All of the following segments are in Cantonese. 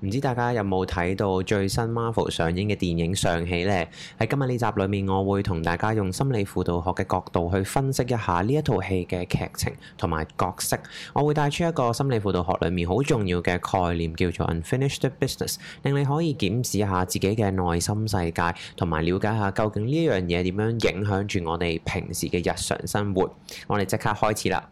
唔知大家有冇睇到最新 Marvel 上映嘅電影尚氣呢？喺今日呢集裏面，我會同大家用心理輔導學嘅角度去分析一下呢一套戲嘅劇情同埋角色。我會帶出一個心理輔導學裏面好重要嘅概念，叫做 unfinished business，令你可以檢視一下自己嘅內心世界，同埋了解下究竟呢一樣嘢點樣影響住我哋平時嘅日常生活。我哋即刻開始啦！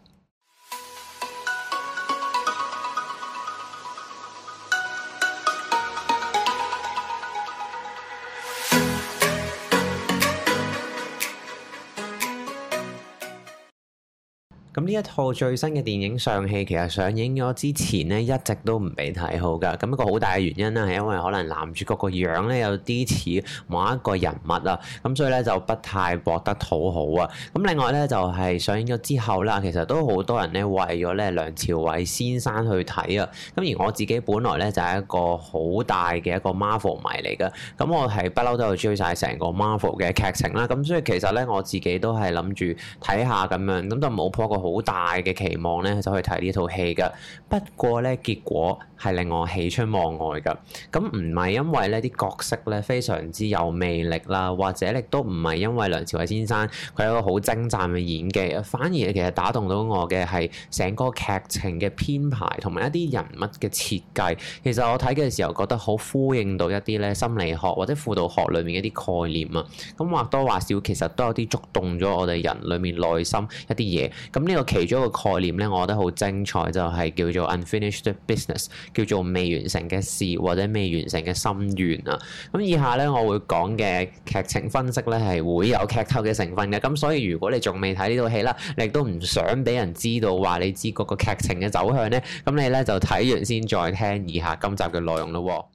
咁呢一套最新嘅電影上戲其實上映咗之前咧，一直都唔被睇好噶。咁一個好大嘅原因咧，係因為可能男主角個樣咧有啲似某一個人物啊，咁所以咧就不太博得討好啊。咁另外咧就係、是、上映咗之後啦，其實都好多人咧為咗咧梁朝偉先生去睇啊。咁而我自己本來咧就係一個好大嘅一個 Marvel 迷嚟嘅，咁我係不嬲都有追晒成個 Marvel 嘅劇情啦。咁所以其實咧我自己都係諗住睇下咁樣，咁就冇破個好。好大嘅期望咧，走去睇呢套戲嘅。不過咧，結果係令我喜出望外嘅。咁唔係因為呢啲角色咧非常之有魅力啦，或者亦都唔係因為梁朝偉先生佢係一個好精湛嘅演技，反而其實打動到我嘅係成個劇情嘅編排同埋一啲人物嘅設計。其實我睇嘅時候覺得好呼應到一啲咧心理學或者輔導學裏面一啲概念啊。咁或多或少其實都有啲觸動咗我哋人裏面內心一啲嘢。咁呢？其中一個概念咧，我覺得好精彩，就係叫做 unfinished business，叫做未完成嘅事或者未完成嘅心願啊。咁以下咧，我會講嘅劇情分析咧，係會有劇透嘅成分嘅。咁所以如果你仲未睇呢套戲啦，你亦都唔想俾人知道話你知嗰個劇情嘅走向咧，咁你咧就睇完先再再聽以下今集嘅內容咯。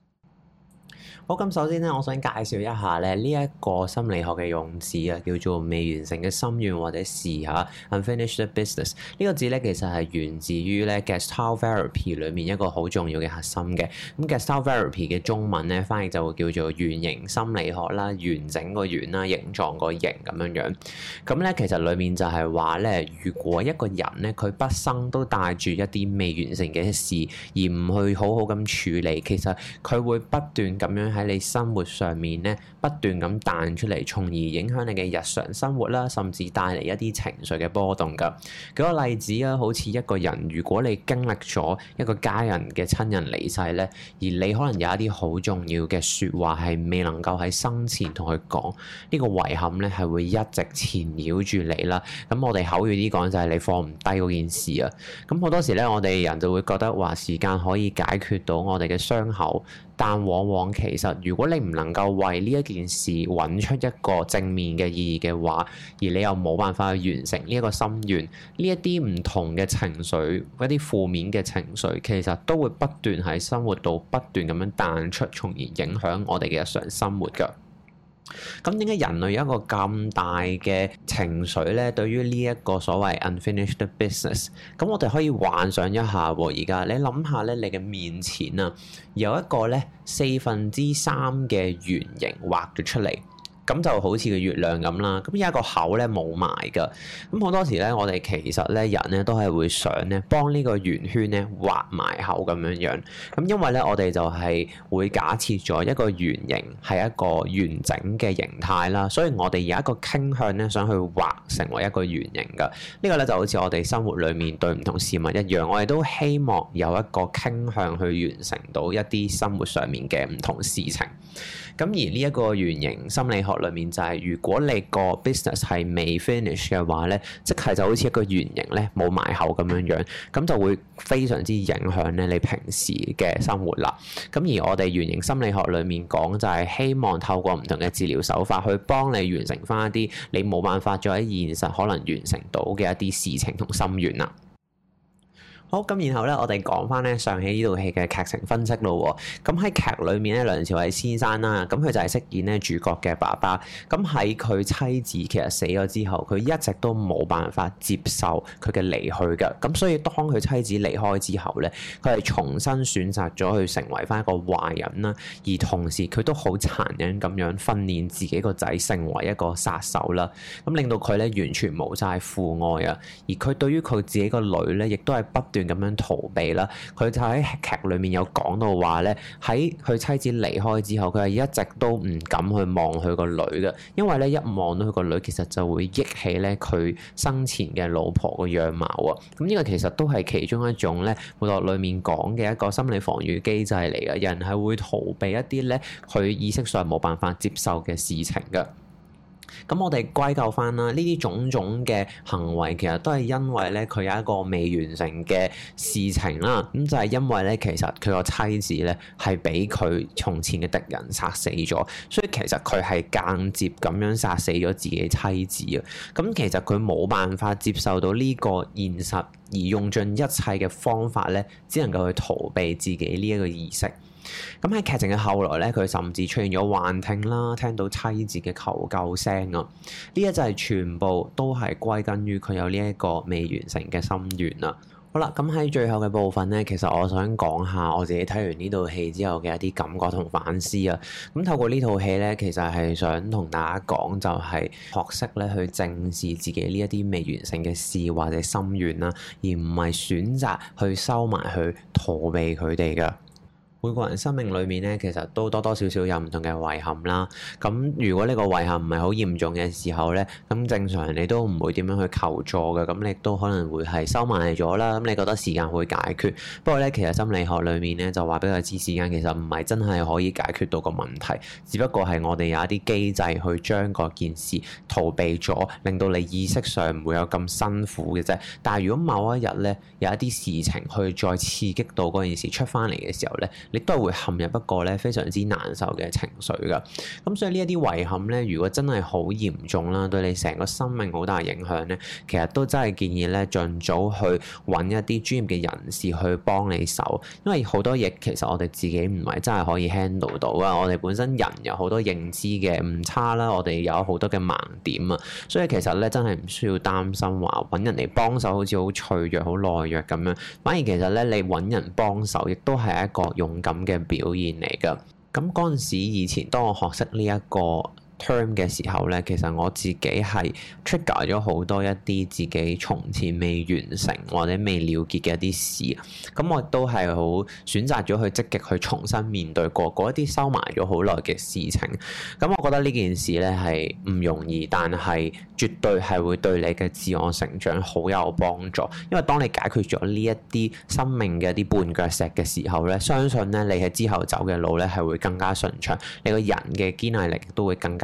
好咁，首先咧，我想介紹一下咧，呢一個心理學嘅用字啊，叫做未完成嘅心願或者事嚇，unfinished business。呢個字咧其實係源自於咧 gestalt therapy 裏面一個好重要嘅核心嘅。咁 gestalt therapy 嘅中文咧翻譯就會叫做圓形心理學啦，完整個圓啦，形狀個形咁樣樣，咁咧其實裏面就係話咧，如果一個人咧，佢畢生都帶住一啲未完成嘅事，而唔去好好咁處理，其實佢會不斷咁樣。喺你生活上面咧，不斷咁彈出嚟，從而影響你嘅日常生活啦，甚至帶嚟一啲情緒嘅波動噶。舉個例子啊，好似一個人，如果你經歷咗一個家人嘅親人離世咧，而你可能有一啲好重要嘅説話係未能夠喺生前同佢講，這個、遺呢個遺憾咧係會一直纏繞住你啦。咁我哋口語啲講就係你放唔低嗰件事啊。咁好多時咧，我哋人就會覺得話時間可以解決到我哋嘅傷口。但往往其實，如果你唔能夠為呢一件事揾出一個正面嘅意義嘅話，而你又冇辦法去完成呢一個心願，呢一啲唔同嘅情緒，一啲負面嘅情緒，其實都會不斷喺生活度不斷咁樣彈出，從而影響我哋嘅日常生活㗎。咁點解人類有一個咁大嘅情緒咧？對於呢一個所謂 unfinished business，咁我哋可以幻想一下。而家你諗下咧，你嘅面前啊有一個咧四分之三嘅圓形畫咗出嚟。咁就好似個月亮咁啦，咁而一個口咧冇埋嘅，咁好多時咧，我哋其實咧人咧都係會想咧幫呢個圓圈咧畫埋口咁樣樣，咁因為咧我哋就係會假設咗一個圓形係一個完整嘅形態啦，所以我哋有一個傾向咧想去畫成為一個圓形嘅，這個、呢個咧就好似我哋生活裏面對唔同事物一樣，我哋都希望有一個傾向去完成到一啲生活上面嘅唔同事情，咁而呢一個圓形心理學。裏面就係、是、如果你個 business 係未 finish 嘅話咧，即係就好似一個圓形咧，冇埋口咁樣樣，咁就會非常之影響咧你平時嘅生活啦。咁而我哋圓形心理學裏面講就係希望透過唔同嘅治療手法去幫你完成翻一啲你冇辦法再喺現實可能完成到嘅一啲事情同心願啦。好咁，然後咧，我哋講翻咧尚氣呢套戲嘅劇情分析咯。咁喺劇裏面咧，梁朝偉先生啦，咁、嗯、佢就係飾演咧主角嘅爸爸。咁喺佢妻子其實死咗之後，佢一直都冇辦法接受佢嘅離去嘅。咁、嗯、所以當佢妻子離開之後咧，佢係重新選擇咗去成為翻一個壞人啦。而同時佢都好殘忍咁樣訓練自己個仔成為一個殺手啦。咁、嗯嗯、令到佢咧完全冇晒父愛啊。而佢對於佢自己個女咧，亦都係不斷。咁樣逃避啦，佢就喺劇裏面有講到話咧，喺佢妻子離開之後，佢係一直都唔敢去望佢個女嘅，因為咧一望到佢個女，其實就會憶起咧佢生前嘅老婆個樣貌啊。咁呢個其實都係其中一種咧，網絡裏面講嘅一個心理防禦機制嚟嘅，人係會逃避一啲咧佢意識上冇辦法接受嘅事情嘅。咁我哋歸咎翻啦，呢啲種種嘅行為其實都係因為咧，佢有一個未完成嘅事情啦。咁就係因為咧，其實佢個妻子咧係俾佢從前嘅敵人殺死咗，所以其實佢係間接咁樣殺死咗自己妻子啊。咁其實佢冇辦法接受到呢個現實，而用盡一切嘅方法咧，只能夠去逃避自己呢一個意識。咁喺劇情嘅後來咧，佢甚至出現咗幻聽啦，聽到妻子嘅求救聲啊！呢一陣係全部都係歸根於佢有呢一個未完成嘅心願啦。好啦，咁喺最後嘅部分咧，其實我想講下我自己睇完呢套戲之後嘅一啲感覺同反思啊。咁透過呢套戲咧，其實係想同大家講，就係學識咧去正視自己呢一啲未完成嘅事或者心願啦，而唔係選擇去收埋去逃避佢哋嘅。每個人生命裏面咧，其實都多多少少有唔同嘅遺憾啦。咁如果呢個遺憾唔係好嚴重嘅時候咧，咁正常你都唔會點樣去求助嘅。咁你都可能會係收埋咗啦。咁你覺得時間會解決。不過咧，其實心理學裏面咧就話俾你知，時間其實唔係真係可以解決到個問題，只不過係我哋有一啲機制去將個件事逃避咗，令到你意識上唔會有咁辛苦嘅啫。但係如果某一日咧有一啲事情去再刺激到嗰件事出翻嚟嘅時候咧，你都係會陷入一個咧非常之難受嘅情緒㗎，咁所以呢一啲遺憾咧，如果真係好嚴重啦，對你成個生命好大影響咧，其實都真係建議咧盡早去揾一啲專業嘅人士去幫你手，因為好多嘢其實我哋自己唔係真係可以 handle 到啊，我哋本身人有好多認知嘅誤差啦，我哋有好多嘅盲點啊，所以其實咧真係唔需要擔心話揾人嚟幫手好似好脆弱、好懦弱咁樣，反而其實咧你揾人幫手亦都係一個用咁嘅表現嚟㗎，咁嗰陣時以前，當我學識呢一個。嘅時候咧，其實我自己係 trigger 咗好多一啲自己從前未完成或者未了結嘅一啲事，咁我都係好選擇咗去積極去重新面對過嗰一啲收埋咗好耐嘅事情。咁我覺得呢件事咧係唔容易，但係絕對係會對你嘅自我成長好有幫助。因為當你解決咗呢一啲生命嘅一啲絆腳石嘅時候咧，相信咧你喺之後走嘅路咧係會更加順暢，你個人嘅堅毅力都會更加。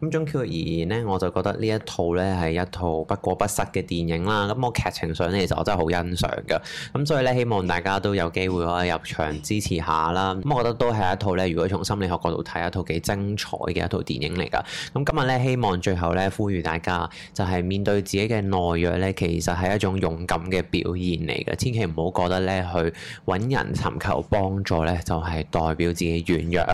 咁總括而言呢，我就覺得呢一套呢係一套不過不失嘅電影啦。咁、嗯、我劇情上呢，其實我真係好欣賞嘅。咁、嗯、所以呢，希望大家都有機會可以入場支持下啦。咁、嗯、我覺得都係一套呢，如果從心理學角度睇，一套幾精彩嘅一套電影嚟噶。咁、嗯、今日呢，希望最後呢，呼籲大家就係、是、面對自己嘅懦弱呢，其實係一種勇敢嘅表現嚟嘅。千祈唔好覺得呢，去揾人尋求幫助呢，就係、是、代表自己軟弱。咁、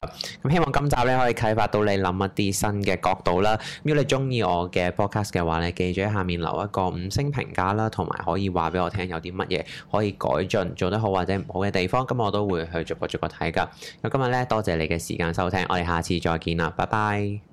嗯、希望今集呢，可以啟發到你諗一啲新嘅角角度啦。如果你中意我嘅 podcast 嘅話咧，記住喺下面留一個五星評價啦，同埋可以話俾我聽有啲乜嘢可以改進做得好或者唔好嘅地方，咁我都會去逐個逐個睇噶。咁今日咧，多謝你嘅時間收聽，我哋下次再見啦，拜拜。